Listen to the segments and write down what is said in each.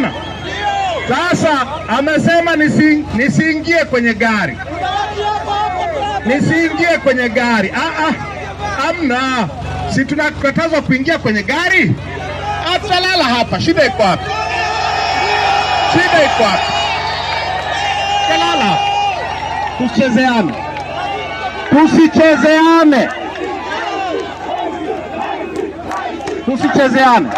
sana. Sasa amesema nisiingie kwenye gari, nisiingie kwenye gari. Ah, ah, amna, si tunakatazwa kuingia kwenye gari? Atalala hapa, shida iko wapi? Shida iko wapi? Kalala, tusichezeane, tusichezeane, tusichezeane.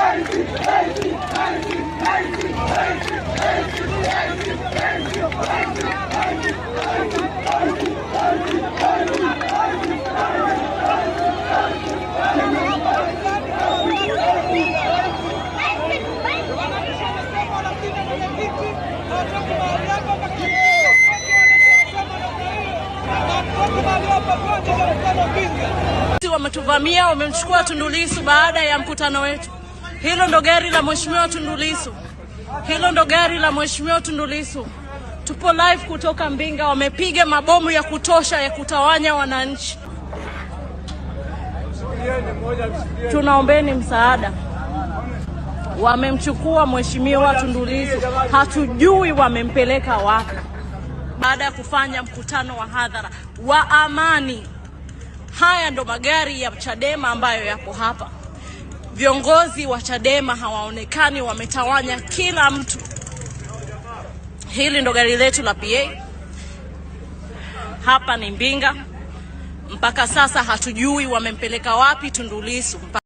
Wametuvamia, wamemchukua Tundu Lissu baada ya mkutano wetu. Hilo ndo gari la mheshimiwa Tundu Lissu, hilo ndo gari la mheshimiwa Tundu Lissu. Tupo live kutoka Mbinga, wamepiga mabomu ya kutosha ya kutawanya wananchi. Tunaombeni msaada, wamemchukua mheshimiwa Tundu Lissu, hatujui wamempeleka wapi, baada ya kufanya mkutano wa hadhara wa amani. Haya ndo magari ya Chadema ambayo yapo hapa. Viongozi wa Chadema hawaonekani, wametawanya kila mtu. Hili ndo gari letu la PA. Hapa ni Mbinga. Mpaka sasa hatujui wamempeleka wapi Tundu Lissu.